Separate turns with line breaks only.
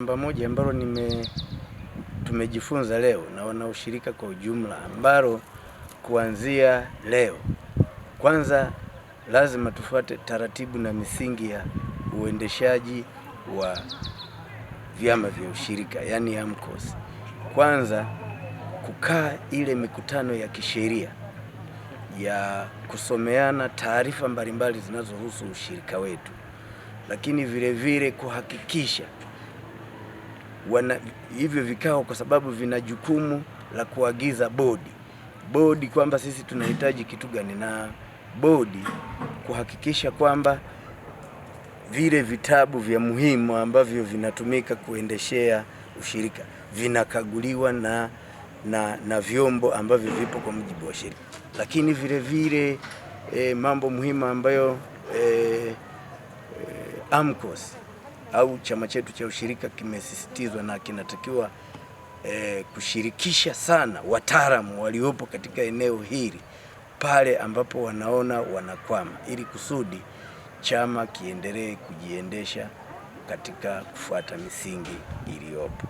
Namba moja ambalo nime tumejifunza leo na wanaoshirika kwa ujumla, ambalo kuanzia leo, kwanza lazima tufuate taratibu na misingi ya uendeshaji wa vyama vya ushirika, yaani AMCOS. Kwanza kukaa ile mikutano ya kisheria ya kusomeana taarifa mbalimbali zinazohusu ushirika wetu, lakini vile vile kuhakikisha wana hivyo vikao kwa sababu vina jukumu la kuagiza bodi bodi kwamba sisi tunahitaji kitu gani, na bodi kuhakikisha kwamba vile vitabu vya muhimu ambavyo vinatumika kuendeshea ushirika vinakaguliwa na, na, na vyombo ambavyo vipo kwa mujibu wa sheria, lakini vile vile e, mambo muhimu ambayo e, e, AMCOS au chama chetu cha ushirika kimesisitizwa na kinatakiwa eh, kushirikisha sana wataalamu waliopo katika eneo hili pale ambapo wanaona wanakwama, ili kusudi chama kiendelee kujiendesha katika kufuata misingi iliyopo.